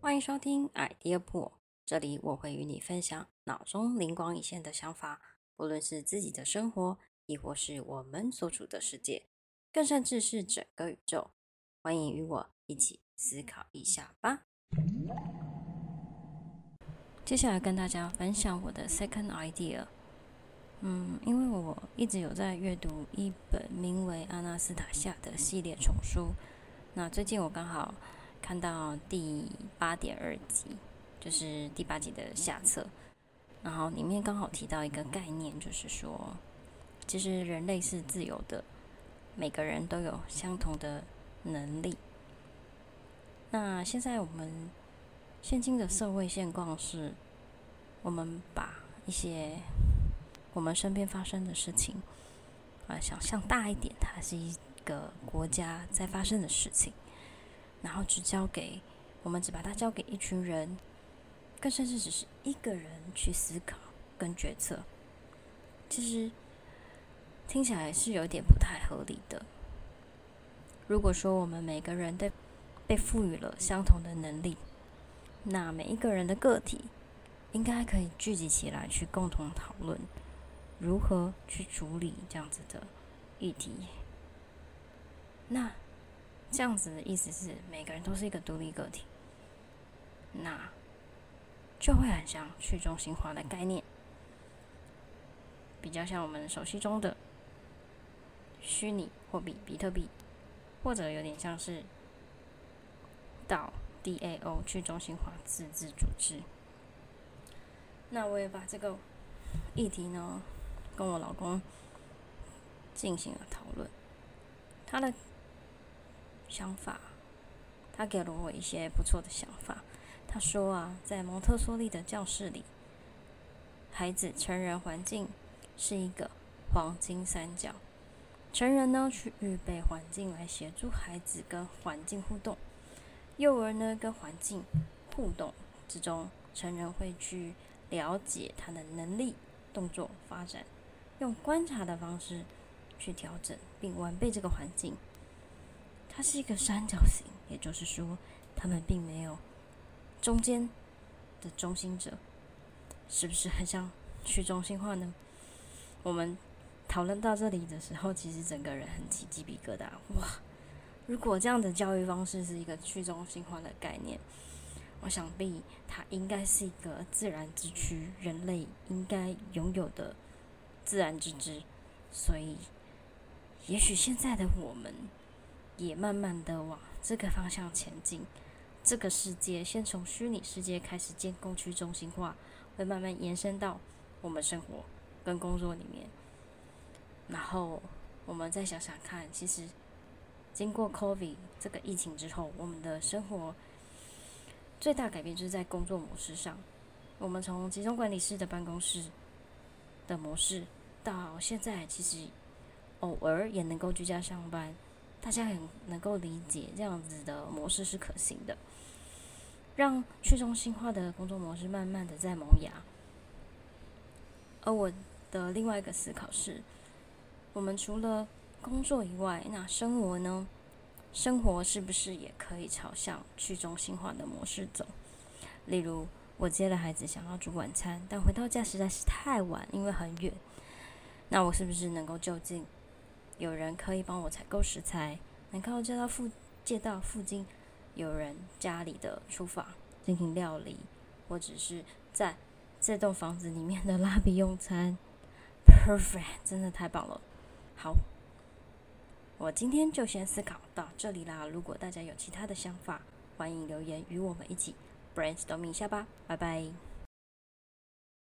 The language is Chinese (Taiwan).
歡迎收聽《idea 播》，這裡我會與你分享腦中靈光一現的想法，不論是自己的生活，亦或是我們所處的世界，更甚至是整個宇宙。歡迎與我一起思考一下吧。接下來跟大家分享我的 second idea。嗯，因為我一直有在閱讀一本名為《阿納斯塔夏》的系列叢書，那最近我剛好。看到第八點二集，就是第八集的下冊，然後裡面剛好提到一個概念，就是說，其實人類是自由的，每個人都有相同的能力。那現在我們現今的社會現況是，我們把一些我們身邊發生的事情，啊，想象大一點，它是一個國家在發生的事情。然後只交給，我們只把它交給一群人，更甚至只是一個人去思考跟決策，其實聽起來是有點不太合理的。如果說我們每個人對被賦予了相同的能力，那每一個人的個體應該可以聚集起來去共同討論，如何去處理這樣子的議題。那。這樣子的意思是，每個人都是一個獨立個體，那就會很像去中心化的概念，比較像我們熟悉中的虛擬貨幣比特幣，或者有點像是到 DAO DAO 去中心化自治組織。那我也把這個議題呢，跟我老公進行了討論，他的。想法，他給了我一些不錯的想法。他說啊，在蒙特梭利的教室裡，孩子、成人、環境是一個黃金三角。成人呢去預備環境來協助孩子跟環境互動，幼兒呢跟環境互動之中，成人會去了解他的能力、動作、發展，用觀察的方式去調整並完備這個環境。它是一個三角形，也就是說，他們並沒有中間的中心者，是不是很像去中心化呢？我們討論到這裡的時候，其實整個人很起雞皮疙瘩。哇！如果這樣的教育方式是一個去中心化的概念，我想必它應該是一個自然之趨，人類應該擁有的自然之知。所以，也許現在的我們，也慢慢的往這個方向前進。這個世界先從虛擬世界開始，建構去中心化，會慢慢延伸到我們生活跟工作裡面。然後我們再想想看，其實經過 COVID 這個疫情之後，我們的生活最大改變就是在工作模式上。我們從集中管理式的辦公室的模式，到現在其實偶爾也能夠居家上班。大家很能夠理解這樣子的模式是可行的，讓去中心化的工作模式慢慢的在萌芽。而我的另外一個思考是，我們除了工作以外，那生活呢？生活是不是也可以朝向去中心化的模式走？例如，我接了孩子，想要煮晚餐，但回到家實在是太晚，因為很遠。那我是不是能夠就近？有人可以幫我採購食材，能夠借到附借到附近有人家裡的廚房進行料理，或者是在這棟房子裡面的拉比用餐，perfect，真的太棒了。好，我今天就先思考到這裡啦。如果大家有其他的想法，歡迎留言與我們一起 brainstorm 一下吧。拜拜。